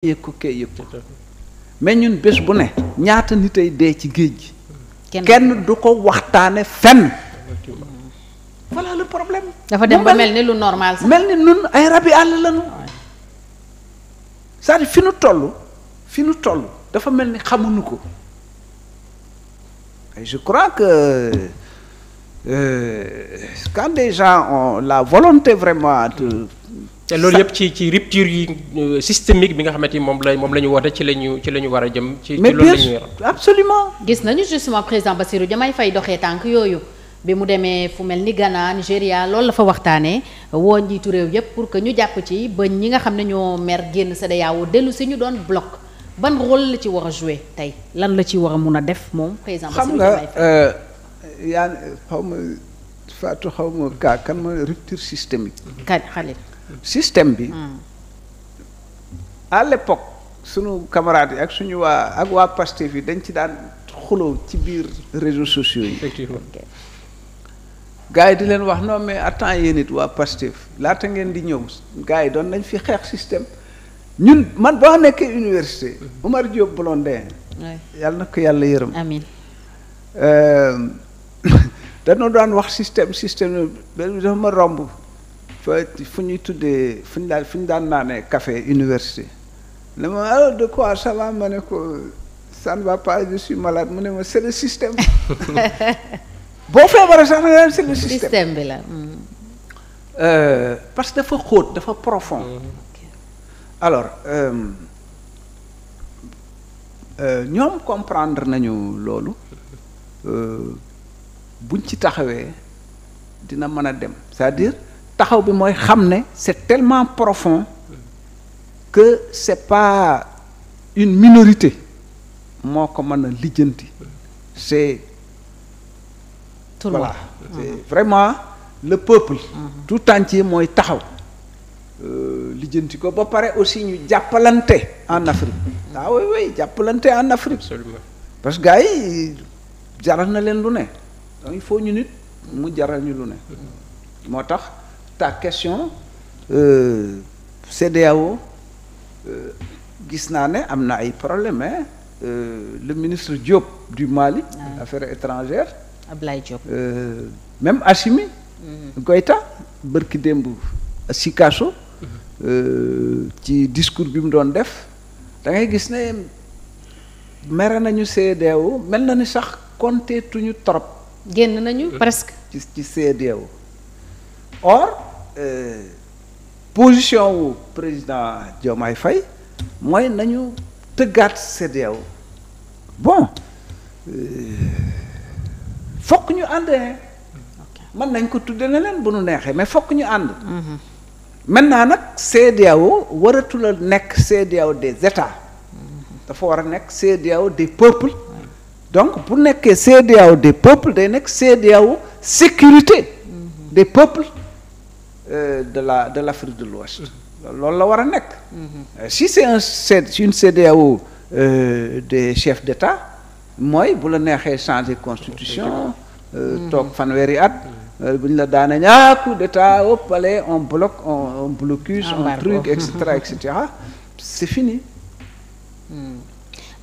yëg ko kay yëg ko mais ñun bés bu ne ñaata nit ay dee ci géej gi kenn du ko waxtaane fenn voilà le problème dafa dem ba mel ni lu normal sax mel ni nun ay rabi àll lañu cest à fi nu toll fi nu toll dafa mel ni xamuñu ko je crois que euh, quand des gens la volonté vraiment de te loolu yëpp ci ci rupture yi euh, systémique bi nga xamante ni moom la moom la ñu woote ci la ñu ci la ñu war a jëm. ci ci loolu la ñu absolument gis nañu justement président Bassirou Diomaye Faye doxee tànk yooyu bi mu demee fu mel ni Ghana Nigéria loolu la fa waxtaanee woo njiitu réew yëpp pour que ñu jàpp ci ba ñi nga xam ne ñoo mer génn CEDEAO dellu si ñu doon bloc ban rôle la ci war a joué tey lan la ci war a mun a def moom président Bassirou Diomaye Faye xam euh, nga yaa xaw ma xaw ma kaa kan ma rupture systémique. Khalil. système bi à l'époque suñu camarades yi ak suñu waa ak waa Pastef yi dañ ci daan xuloo ci biir réseaux sociaux yi effectivement yi di leen wax non mais attends yéen it waa Pastef laata ngeen di ñëw gars yi doon nañ fi xeex système ñun man boo nekkee université mm-hmm. Omar Diop Blondin yàlla na ko yàlla yërëm amiin euh, dañoo daan wax système système dafa ma romb fa fu ñuy tuddee fu ñu daan fu ñu daan naanee café université ne ma alors ah, de quoi ça ma ne ko ça ne va pas je suis malade mu ne ma c'est système boo feebaree sax na c'est le système bi la. Mm. Euh, parce que dafa xóot dafa profond. Mm-hmm. alors euh, euh, ñoom comprendre nañu loolu buñ ci taxawee dina mën a dem cest à taxaw bi mooy xam ne c'est tellement profond que c'est pas une minorité moo ko mën a lijjanti c'est tout voilà mm-hmm. vraiment le peuple mm-hmm. tout entier mooy taxaw euh, lijjanti ko ba pare aussi ñu jàppalante en Afrique mm-hmm. ah oui oui jàppalante en Afrique Absolument. parce que gars yi jaral na leen lu ne donc il faut ñu nit mu jaral ñu lu ne moo tax ta question euh, CEDEAO euh, gis naa ne am na ay problème hein euh, le ministre Diop du Mali affaires étrangères Ablaye Diop euh, même Assimi Goïta mm-hmm. bërki démb Sikasso mm-hmm. ci discours bi mu doon def da ngay gis ne mere nañu CEDEAO mel na ni sax compté tuñu trop. génn nañu mm-hmm. presque. ci ci CEDEAO Euh, position wu président Diomaye fay mooy nañu tëggaat CEDEAO bon euh, fokk ñu ànd mën nañ ko tudde ne bu nu neexee mais fokk ñu ànd mm-hmm. maintenant nag CEDEAO waratul a nekk CEDEAO des états mm-hmm. dafa war a nekk CEDEAO des peuples donc bu nekkee CEDEAO des peuples day nekk CEDEAO sécurité mm-hmm. des peuples Euh, de la de l' Afrique de l'Ouest loolu la war a nekk mm-hmm. si c'est un c'est une CEDEAO euh, des chefs d'État mooy bu la neexee changer constitution euh, mm-hmm. toog fanweeri at bu ñu la daana ñaa coup d'état au palais on bloque on, on blocus ah, on etc etc c'est fini mm.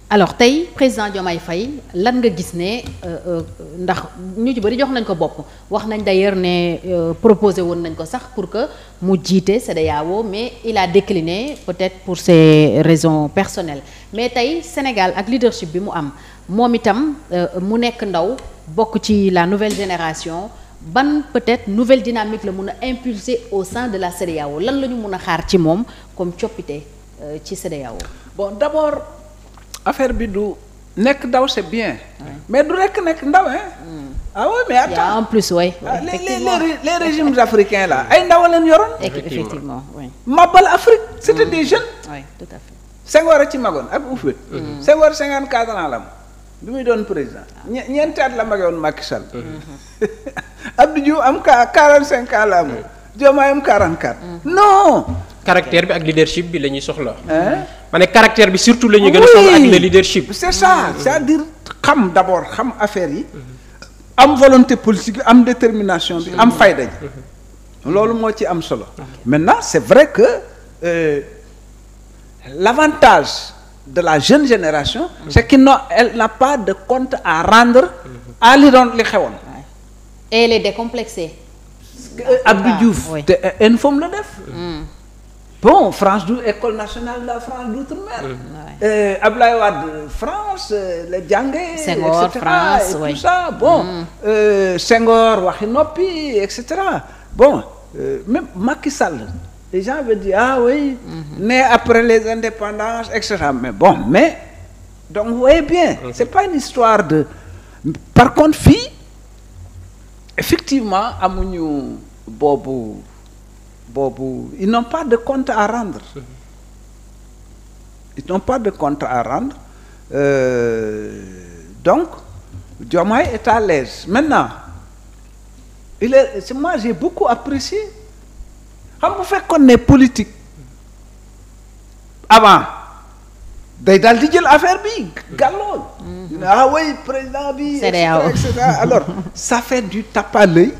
alors tey président Diomaye fay lan nga gis ne euh, euh, ndax ñu ci bëri jox nañ ko bopp wax nañ d'ailleurs ne euh, proposé woon nañ ko sax pour que mu jiite CEDEAO mais il a décliné peut-être pour ses raisons personnelles mais tey Sénégal ak leadership bi mu am moom itam mu nekk ndaw bokk ci la nouvelle génération ban peut-être nouvelle dynamique la mun a impulser au sein de la CEDEAO lan la ñu mun a xaar ci moom comme coppite ci CEDEAO affaire bi du nekk ndaw c'est bien. mais du rekk nekk ndaw hein. Hmm. ah oui mais attends en plus oui. Ah, les les les régimes africains ay ndaw leen yoroon. effectivement Afrique c'était hmm. des jeunes. oui a ci magoon ak Houphouët. Hmm. Senghor 54 ans la am bi muy doon président ah. ñeenti at la magoon Macky Sall. Abdou Diouf am 45 ans la am. Diomaye am 44. non. caractère bi ak leadership bi la ñuy soxla. ma ne caractère bi surtout la ñuy gën a soxla ak le leadership. c'est ça c'est-à-dire xam d'abord xam affaire yi. am volonté politique am détermination bi am fayda ji loolu moo ci am solo maintenant c'est vrai que euh, l'avantage de la jeune génération c'est qu'elle n'a elle n'a pas de compte à rendre à li doon li xewoon et elle est décomplexée Abdou te infome la def hmm. bon France du école nationale de la France d'outre-mer. Euh, Ablaye Wade France euh, France et tout ça bon. Mm. Euh, Senghor waxi noppi et cetera bon même ah oui. Mm-hmm. né après les indépendances et cetera mais bon mais donc vous voyez bien. c'est pas une histoire de par contre fii effectivement amuñu boobu. boobu ils n'ont pas de contre à rendre ils n'ont pas de contre à rendre euh, donc Diomaye est à l'aise maintenant il est moi j'ai beaucoup apprécié xam bu fekkoon ne politique avant day daal di jël affaire bi gàllool mm-hmm. ah oui président bi et alors ça fait du tape à l'œil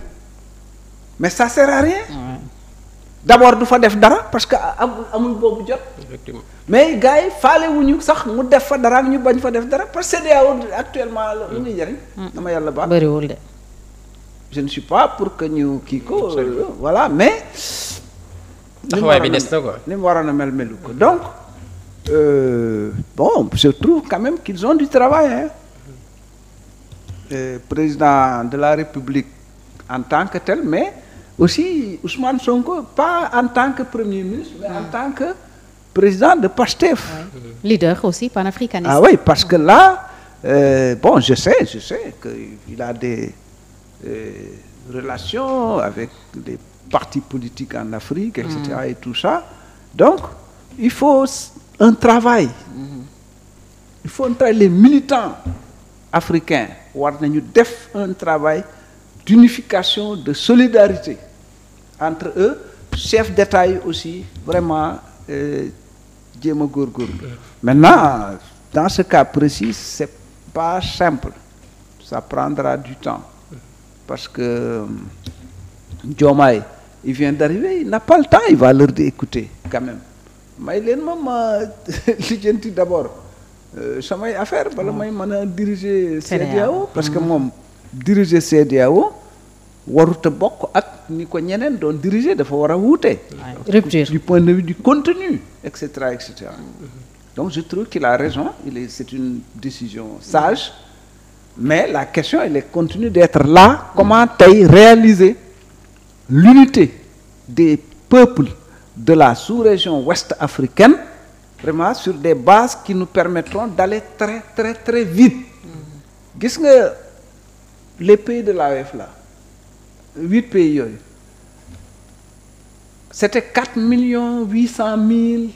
mais ça sert rien d'abord du fa def dara parce que amul boobu jot. mais gars yi faale wuñu sax mu def fa dara ak ñu bañ fa def dara parce que CEDEAO actuellement lu ñuy jariñ. Mm. dama yàlla baax bëriwul de. je ne suis pas pour que ñu kii ko. Euh, voilà mais. taxawaay bi des na quoi ni mu waroon a mel melu ko donc. Euh, bon je trouve quand même qu'ils ont du travail euh, président de la République en tant que tel mais. aussi Ousmane Sonko pas en tant que premier ministre mais en tant que président de PASTEF ouais. leader aussi panafricaniste ah oui parce que là euh, bon je sais je sais qu'il a des euh, relations avec les partis politiques en Afrique etc mm. et tout ça donc il faut un travail mm-hmm. il faut un les militants africains war nañu def un travail d'unification de solidarité entre eux chef d'État yi aussi vraiment euh, jéem a góorgóorlu euh. maintenant dans ce cas précis c'est pas simple ça prendra du temps parce que jomay euh, il vient d'arriver il n'a pas le temps il va leur dire écoutez quand même may leen ma ma lijjanti d'abord samay affaire bala mm. may mën a diriger CEDEAO parce que mm. moom diriger CEDEAO warut a bokk ak ni ko ñeneen doon diriger dafa war a wuute. rupture du point de vue du continue et cetera donc je trouve qu'il a raison est c'est une décision sage mais la question elle est continue d'être là comment tey réaliser l'unité des peuples de la sous-région ouest africaine vraiment sur des bases qui nous permettront d'aller très très très vite gis nga les pays de l'AOF e là huit pays yooyu c'était quatre millions huit cent mille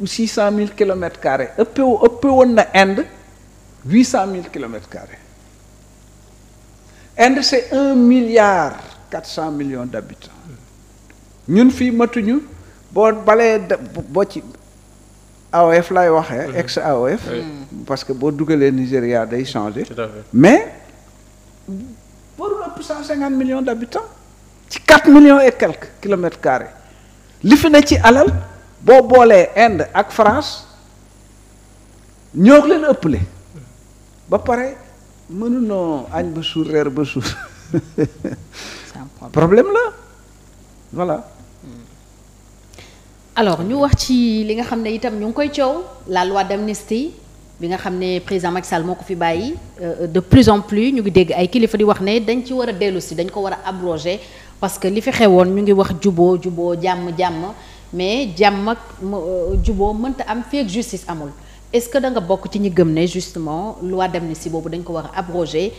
ou six cent mille kilomètres carrés ëppe ëppe woon na Inde huit cent mille kilomètres carré Inde c'est un milliard quatre cent millions d'habitants ñun fii matuñu boo balee boo ci AOF lay waxee mhm. ex AOF parce que boo dugalee Nigéria day changer mais pour cent cinquante millions d' ci quatre millions et quelques kilomètres carrés li fi ne ci alal boo boolee Inde ak France ñoo ko leen ëppale ba pare mënunoo añ ba reer ba problème la voilà hmm. alors ñu wax ci li nga xam ne itam ñu ngi koy coow la loi d'amnistie bi nga xam ne président Macky Sall moo ko fi bàyyi euh, de plus en plus ñu ngi dégg ay kilifa di wax ne dañ ci war a dellu dañ ko war a abroger parce que li fi xewoon ñu ngi wax juboo juboo jàmm jàmm mais jàmm ak euh, juboo mënta am feek justice amul est-ce que da nga bokk ci ñi gëm ne justement loi si boobu dañ ko war a abroger